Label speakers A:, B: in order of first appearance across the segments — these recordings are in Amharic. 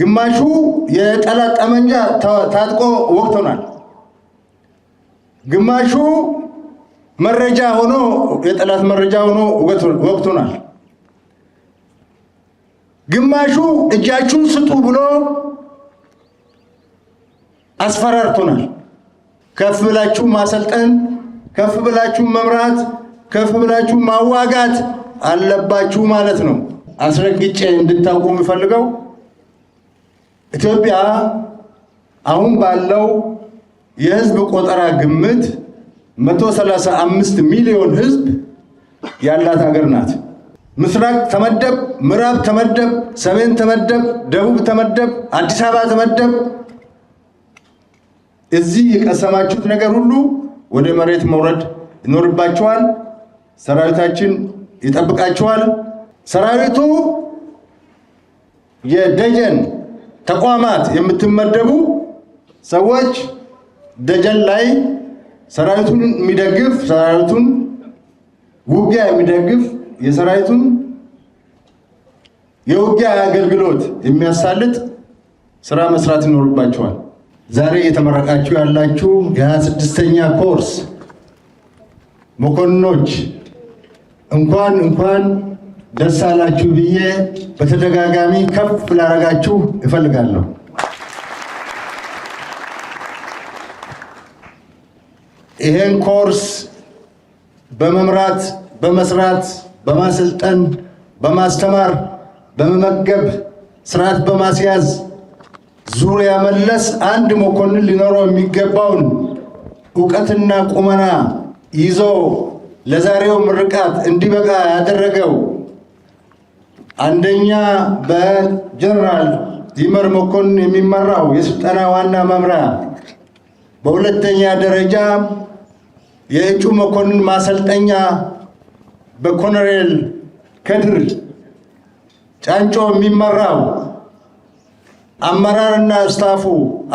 A: ግማሹ የጠላት ጠመንጃ ታጥቆ ወቅቶናል። ግማሹ መረጃ ሆኖ የጠላት መረጃ ሆኖ ወቅቶናል። ግማሹ እጃችሁን ስጡ ብሎ አስፈራርቶናል። ከፍ ብላችሁ ማሰልጠን፣ ከፍ ብላችሁ መምራት፣ ከፍ ብላችሁ ማዋጋት አለባችሁ ማለት ነው። አስረግጬ እንድታውቁ የምፈልገው ኢትዮጵያ አሁን ባለው የህዝብ ቆጠራ ግምት 135 ሚሊዮን ህዝብ ያላት ሀገር ናት። ምስራቅ ተመደብ፣ ምዕራብ ተመደብ፣ ሰሜን ተመደብ፣ ደቡብ ተመደብ፣ አዲስ አበባ ተመደብ። እዚህ የቀሰማችሁት ነገር ሁሉ ወደ መሬት መውረድ ይኖርባችኋል። ሰራዊታችን ይጠብቃችኋል። ሰራዊቱ የደጀን ተቋማት የምትመደቡ ሰዎች ደጀን ላይ ሰራዊቱን የሚደግፍ ሰራዊቱን ውጊያ የሚደግፍ የሰራዊቱን የውጊያ አገልግሎት የሚያሳልጥ ስራ መስራት ይኖርባቸዋል። ዛሬ እየተመረቃችሁ ያላችሁ የሃያ ስድስተኛ ኮርስ መኮንኖች እንኳን እንኳን ደስ አላችሁ ብዬ በተደጋጋሚ ከፍ ላረጋችሁ እፈልጋለሁ። ይሄን ኮርስ በመምራት በመስራት በማሰልጠን በማስተማር በመመገብ ስርዓት በማስያዝ ዙሪያ መለስ አንድ መኮንን ሊኖረው የሚገባውን እውቀትና ቁመና ይዞ ለዛሬው ምርቃት እንዲበቃ ያደረገው አንደኛ በጀነራል ዚመር መኮንን የሚመራው የስልጠና ዋና መምሪያ በሁለተኛ ደረጃ የእጩ መኮንን ማሰልጠኛ በኮሎኔል ከድር ጫንጮ የሚመራው አመራርና ስታፉ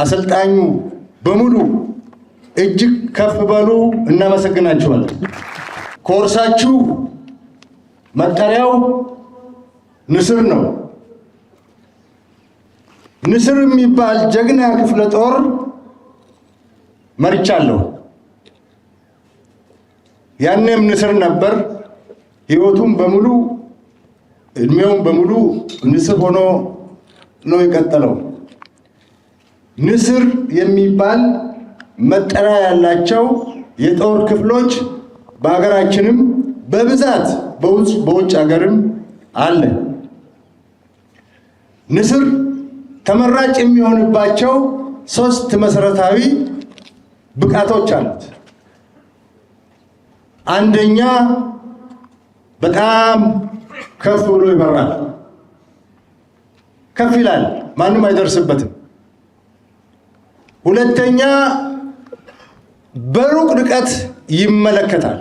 A: አሰልጣኙ በሙሉ እጅግ ከፍ በሉ፣ እናመሰግናችኋለን። ኮርሳችሁ መጠሪያው ንስር ነው። ንስር የሚባል ጀግና ክፍለ ጦር መርቻለሁ። ያኔም ንስር ነበር። ህይወቱም በሙሉ እድሜውም በሙሉ ንስር ሆኖ ነው የቀጠለው። ንስር የሚባል መጠሪያ ያላቸው የጦር ክፍሎች በሀገራችንም በብዛት በውጭ ሀገርም አለ። ንስር ተመራጭ የሚሆንባቸው ሶስት መሰረታዊ ብቃቶች አሉት። አንደኛ በጣም ከፍ ብሎ ይበራል። ከፍ ይላል፣ ማንም አይደርስበትም። ሁለተኛ በሩቅ ርቀት ይመለከታል።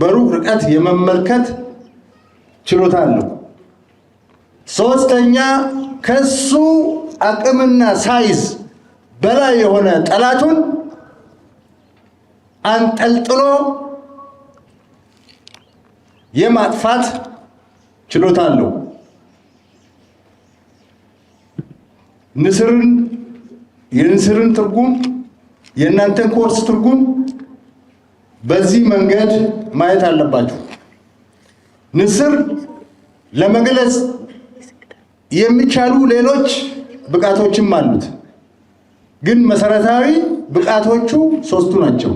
A: በሩቅ ርቀት የመመልከት ችሎታ አለው። ሶስተኛ ከሱ አቅምና ሳይዝ በላይ የሆነ ጠላቱን አንጠልጥሎ የማጥፋት ችሎታ አለው። ንስርን የንስርን ትርጉም የእናንተን ኮርስ ትርጉም በዚህ መንገድ ማየት አለባችሁ። ንስር ለመግለጽ የሚቻሉ ሌሎች ብቃቶችም አሉት። ግን መሰረታዊ ብቃቶቹ ሶስቱ ናቸው።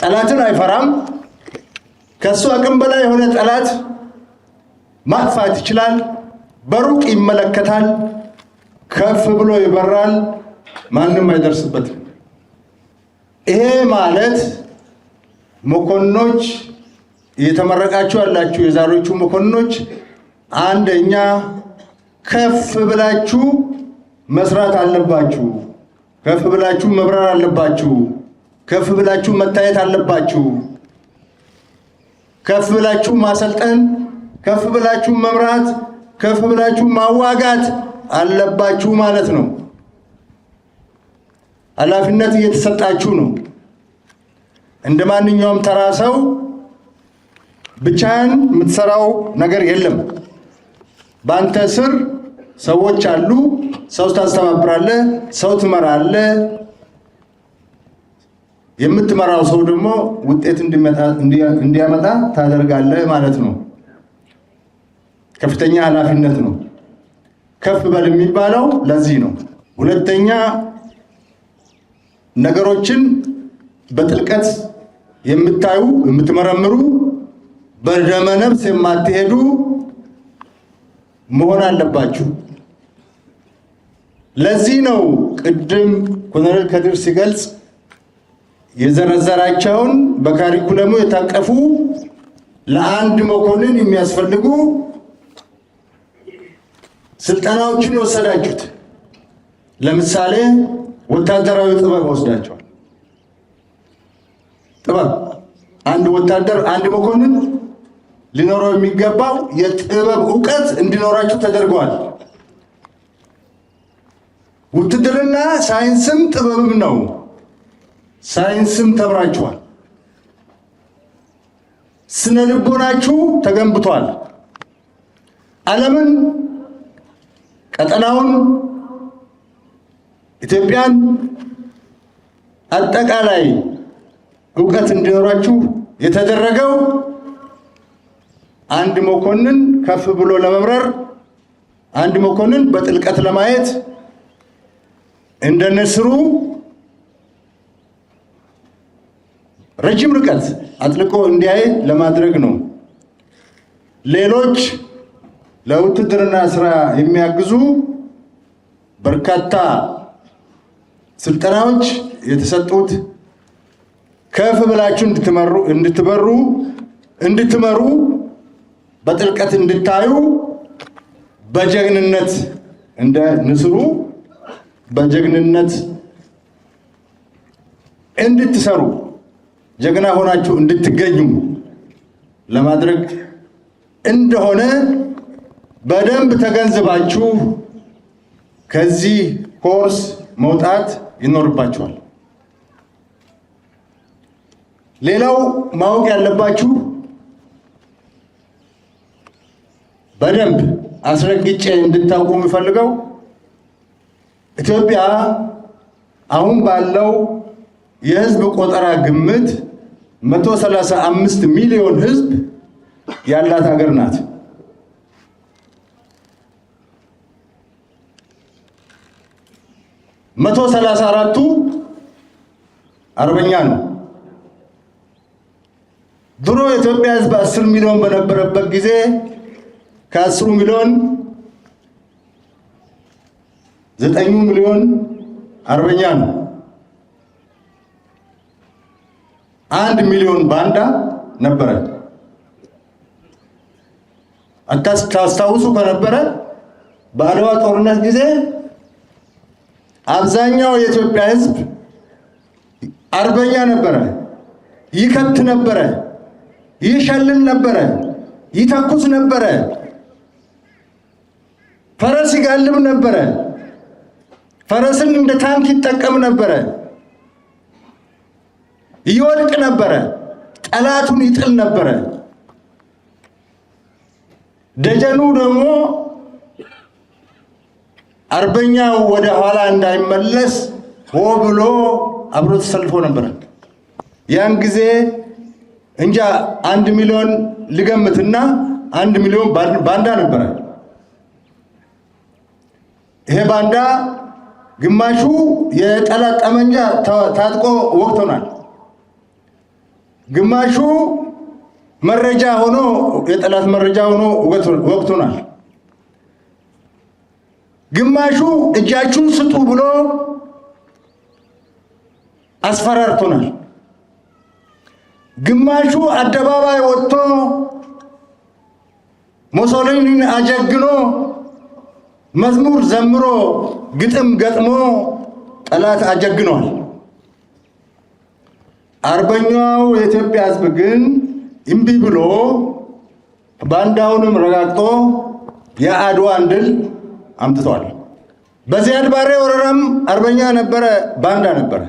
A: ጠላትን አይፈራም። ከሱ አቅም በላይ የሆነ ጠላት ማጥፋት ይችላል። በሩቅ ይመለከታል። ከፍ ብሎ ይበራል። ማንም አይደርስበትም። ይሄ ማለት መኮንኖች እየተመረቃችሁ ያላችሁ የዛሬዎቹ መኮንኖች አንደኛ ከፍ ብላችሁ መስራት አለባችሁ። ከፍ ብላችሁ መብረር አለባችሁ። ከፍ ብላችሁ መታየት አለባችሁ። ከፍ ብላችሁ ማሰልጠን፣ ከፍ ብላችሁ መምራት፣ ከፍ ብላችሁ ማዋጋት አለባችሁ ማለት ነው። ኃላፊነት እየተሰጣችሁ ነው። እንደ ማንኛውም ተራ ሰው ብቻህን የምትሰራው ነገር የለም። በአንተ ስር ሰዎች አሉ። ሰው ታስተባብራለ፣ ሰው ትመራለ። የምትመራው ሰው ደግሞ ውጤት እንዲያመጣ ታደርጋለ ማለት ነው። ከፍተኛ ኃላፊነት ነው። ከፍ በል የሚባለው ለዚህ ነው። ሁለተኛ ነገሮችን በጥልቀት የምታዩ የምትመረምሩ፣ በደመነፍስ የማትሄዱ መሆን አለባችሁ። ለዚህ ነው ቅድም ኮሎኔል ከድር ሲገልጽ የዘረዘራቸውን በካሪኩለሙ የታቀፉ ለአንድ መኮንን የሚያስፈልጉ ስልጠናዎችን የወሰዳችሁት። ለምሳሌ ወታደራዊ ጥበብ ወስዳቸዋል። ጥበብ አንድ ወታደር አንድ መኮንን ሊኖረው የሚገባው የጥበብ እውቀት እንዲኖራችሁ ተደርገዋል። ውትድርና ሳይንስም ጥበብም ነው። ሳይንስም ተምራችኋል። ስነ ልቦናችሁ ተገንብቷል። ዓለምን፣ ቀጠናውን፣ ኢትዮጵያን አጠቃላይ እውቀት እንዲኖራችሁ የተደረገው አንድ መኮንን ከፍ ብሎ ለመብረር፣ አንድ መኮንን በጥልቀት ለማየት እንደ ንስሩ ረጅም ርቀት አጥልቆ እንዲያይ ለማድረግ ነው። ሌሎች ለውትድርና ስራ የሚያግዙ በርካታ ስልጠናዎች የተሰጡት ከፍ ብላችሁ እንድትመሩ እንድትበሩ እንድትመሩ በጥልቀት እንድታዩ በጀግንነት እንደ ንስሩ በጀግንነት እንድትሰሩ ጀግና ሆናችሁ እንድትገኙ ለማድረግ እንደሆነ በደንብ ተገንዝባችሁ ከዚህ ኮርስ መውጣት ይኖርባችኋል። ሌላው ማወቅ ያለባችሁ በደንብ አስረግጬ እንድታውቁ የምፈልገው ኢትዮጵያ አሁን ባለው የህዝብ ቆጠራ ግምት 135 ሚሊዮን ህዝብ ያላት ሀገር ናት። መቶ ሰላሳ አራቱ አርበኛ ነው። ድሮ የኢትዮጵያ ህዝብ አስር ሚሊዮን በነበረበት ጊዜ ከአስሩ ሚሊዮን ዘጠኙ ሚሊዮን አርበኛ ነው። አንድ ሚሊዮን ባንዳ ነበረ። ታስታውሱ ከነበረ በአድዋ ጦርነት ጊዜ አብዛኛው የኢትዮጵያ ሕዝብ አርበኛ ነበረ፣ ይከት ነበረ፣ ይሸልም ነበረ፣ ይተኩስ ነበረ፣ ፈረስ ይጋልብ ነበረ። ፈረስን እንደ ታንክ ይጠቀም ነበረ፣ ይወድቅ ነበረ፣ ጠላቱን ይጥል ነበረ። ደጀኑ ደግሞ አርበኛው ወደ ኋላ እንዳይመለስ ሆ ብሎ አብሮ ተሰልፎ ነበረ። ያን ጊዜ እንጃ አንድ ሚሊዮን ልገምትና አንድ ሚሊዮን ባንዳ ነበረ። ይሄ ባንዳ ግማሹ የጠላት ጠመንጃ ታጥቆ ወቅቶናል። ግማሹ መረጃ ሆኖ የጠላት መረጃ ሆኖ ወቅቶናል። ግማሹ እጃችሁን ስጡ ብሎ አስፈራርቶናል። ግማሹ አደባባይ ወጥቶ ሞሶሊኒን አጀግኖ መዝሙር ዘምሮ ግጥም ገጥሞ ጠላት አጀግኗል። አርበኛው የኢትዮጵያ ሕዝብ ግን እምቢ ብሎ ባንዳውንም ረጋግጦ የአድዋን ድል አምጥቷል። በዚያድ ባሬ ወረራም አርበኛ ነበረ፣ ባንዳ ነበረ።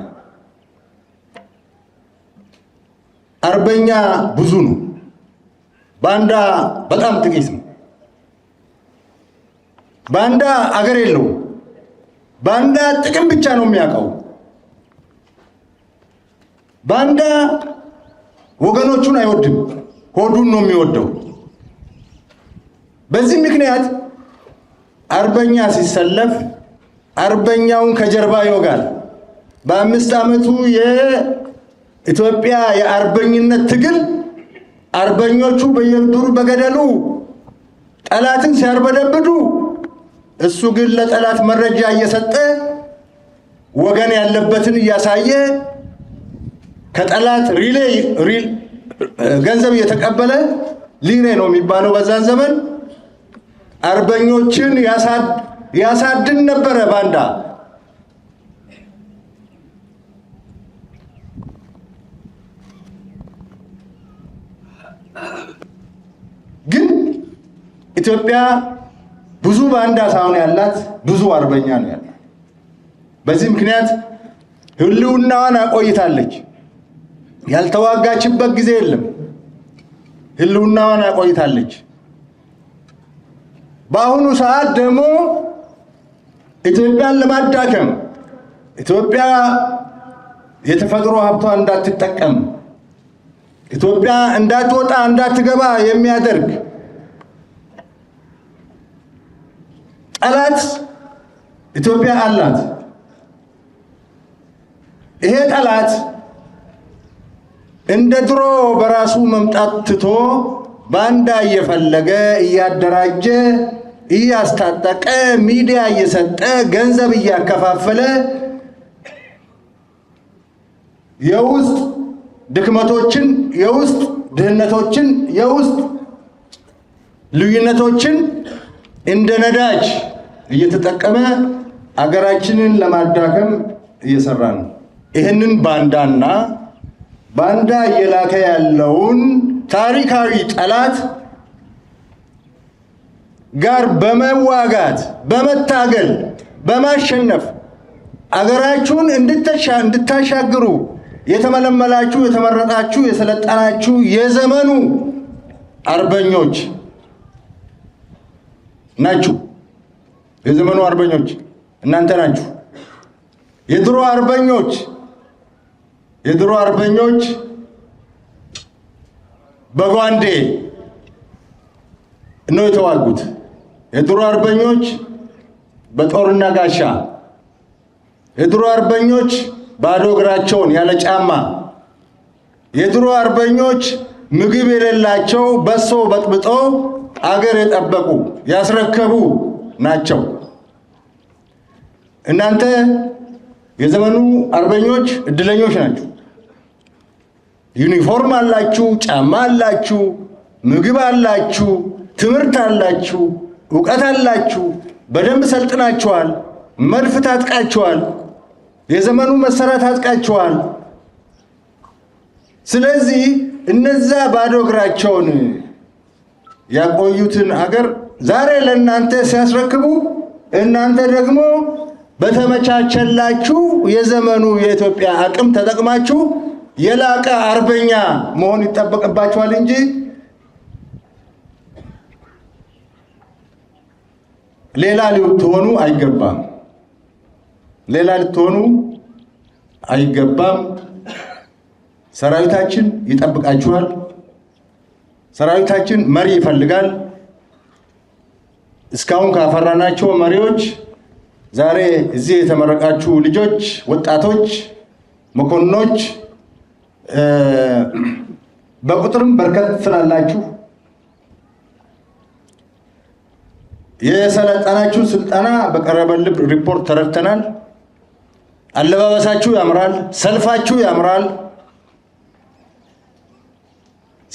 A: አርበኛ ብዙ ነው፣ ባንዳ በጣም ጥቂት ነው። ባንዳ አገር የለው። ባንዳ ጥቅም ብቻ ነው የሚያውቀው። ባንዳ ወገኖቹን አይወድም፣ ሆዱን ነው የሚወደው። በዚህ ምክንያት አርበኛ ሲሰለፍ አርበኛውን ከጀርባ ይወጋል። በአምስት ዓመቱ የኢትዮጵያ የአርበኝነት ትግል አርበኞቹ በየዱሩ በገደሉ ጠላትን ሲያርበደብዱ እሱ ግን ለጠላት መረጃ እየሰጠ ወገን ያለበትን እያሳየ ከጠላት ሪሌ ገንዘብ እየተቀበለ ሊኔ ነው የሚባለው በዛን ዘመን አርበኞችን ያሳድን ነበረ ባንዳ። ግን ኢትዮጵያ ህዝብ አንድ ያላት፣ ብዙ አርበኛ ነው ያላት። በዚህ ምክንያት ህልውናዋን አቆይታለች። ያልተዋጋችበት ጊዜ የለም። ህልውናዋን አቆይታለች። በአሁኑ ሰዓት ደግሞ ኢትዮጵያን ለማዳከም ኢትዮጵያ የተፈጥሮ ሀብቷ እንዳትጠቀም ኢትዮጵያ እንዳትወጣ እንዳትገባ የሚያደርግ ጠላት ኢትዮጵያ አላት። ይሄ ጠላት እንደ ድሮ በራሱ መምጣት ትቶ ባንዳ እየፈለገ እያደራጀ እያስታጠቀ ሚዲያ እየሰጠ ገንዘብ እያከፋፈለ የውስጥ ድክመቶችን፣ የውስጥ ድህነቶችን፣ የውስጥ ልዩነቶችን እንደ ነዳጅ እየተጠቀመ አገራችንን ለማዳከም እየሰራ ነው። ይህንን ባንዳና ባንዳ እየላከ ያለውን ታሪካዊ ጠላት ጋር በመዋጋት በመታገል በማሸነፍ አገራችሁን እንድታሻግሩ የተመለመላችሁ የተመረጣችሁ የሰለጠናችሁ የዘመኑ አርበኞች ናችሁ። የዘመኑ አርበኞች እናንተ ናችሁ። የድሮ አርበኞች የድሮ አርበኞች በጓንዴ ነው የተዋጉት። የድሮ አርበኞች በጦርና ጋሻ፣ የድሮ አርበኞች ባዶ እግራቸውን ያለ ጫማ፣ የድሮ አርበኞች ምግብ የሌላቸው በሶ በጥብጠው አገር የጠበቁ ያስረከቡ ናቸው። እናንተ የዘመኑ አርበኞች እድለኞች ናችሁ። ዩኒፎርም አላችሁ፣ ጫማ አላችሁ፣ ምግብ አላችሁ፣ ትምህርት አላችሁ፣ እውቀት አላችሁ፣ በደንብ ሰልጥናችኋል፣ መድፍ ታጥቃችኋል፣ የዘመኑ መሰራት ታጥቃችኋል። ስለዚህ እነዛ ባዶ እግራቸውን ያቆዩትን አገር ዛሬ ለእናንተ ሲያስረክቡ እናንተ ደግሞ በተመቻቸላችሁ የዘመኑ የኢትዮጵያ አቅም ተጠቅማችሁ የላቀ አርበኛ መሆን ይጠበቅባችኋል እንጂ ሌላ ልትሆኑ አይገባም። ሌላ ልትሆኑ አይገባም። ሰራዊታችን ይጠብቃችኋል። ሰራዊታችን መሪ ይፈልጋል። እስካሁን ካፈራናቸው መሪዎች ዛሬ እዚህ የተመረቃችሁ ልጆች፣ ወጣቶች፣ መኮንኖች በቁጥርም በርከት ስላላችሁ የሰለጠናችሁ ስልጠና በቀረበልብ ሪፖርት ተረድተናል። አለባበሳችሁ ያምራል፣ ሰልፋችሁ ያምራል።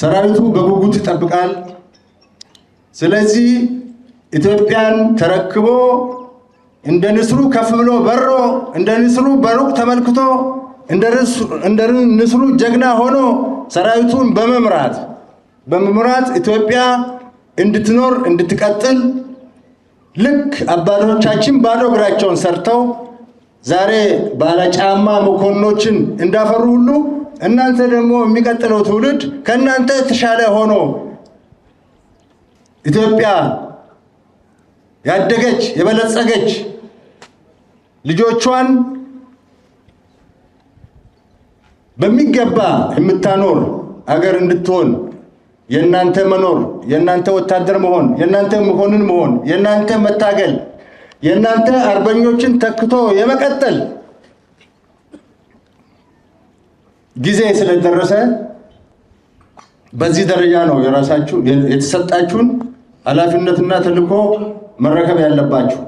A: ሰራዊቱ በጉጉት ይጠብቃል። ስለዚህ ኢትዮጵያን ተረክቦ እንደ ንስሩ ከፍ ብሎ በሮ እንደ ንስሩ በሩቅ ተመልክቶ እንደ ንስሩ ጀግና ሆኖ ሰራዊቱን በመምራት በመምራት ኢትዮጵያ እንድትኖር እንድትቀጥል ልክ አባቶቻችን ባዶ እግራቸውን ሰርተው ዛሬ ባለጫማ መኮንኖችን እንዳፈሩ ሁሉ እናንተ ደግሞ የሚቀጥለው ትውልድ ከእናንተ የተሻለ ሆኖ ኢትዮጵያ ያደገች የበለጸገች ልጆቿን በሚገባ የምታኖር አገር እንድትሆን የእናንተ መኖር፣ የእናንተ ወታደር መሆን፣ የእናንተ መኮንን መሆን፣ የእናንተ መታገል፣ የእናንተ አርበኞችን ተክቶ የመቀጠል ጊዜ ስለደረሰ በዚህ ደረጃ ነው የራሳችሁ የተሰጣችሁን ኃላፊነትና ተልዕኮ መረከብ ያለባችሁ።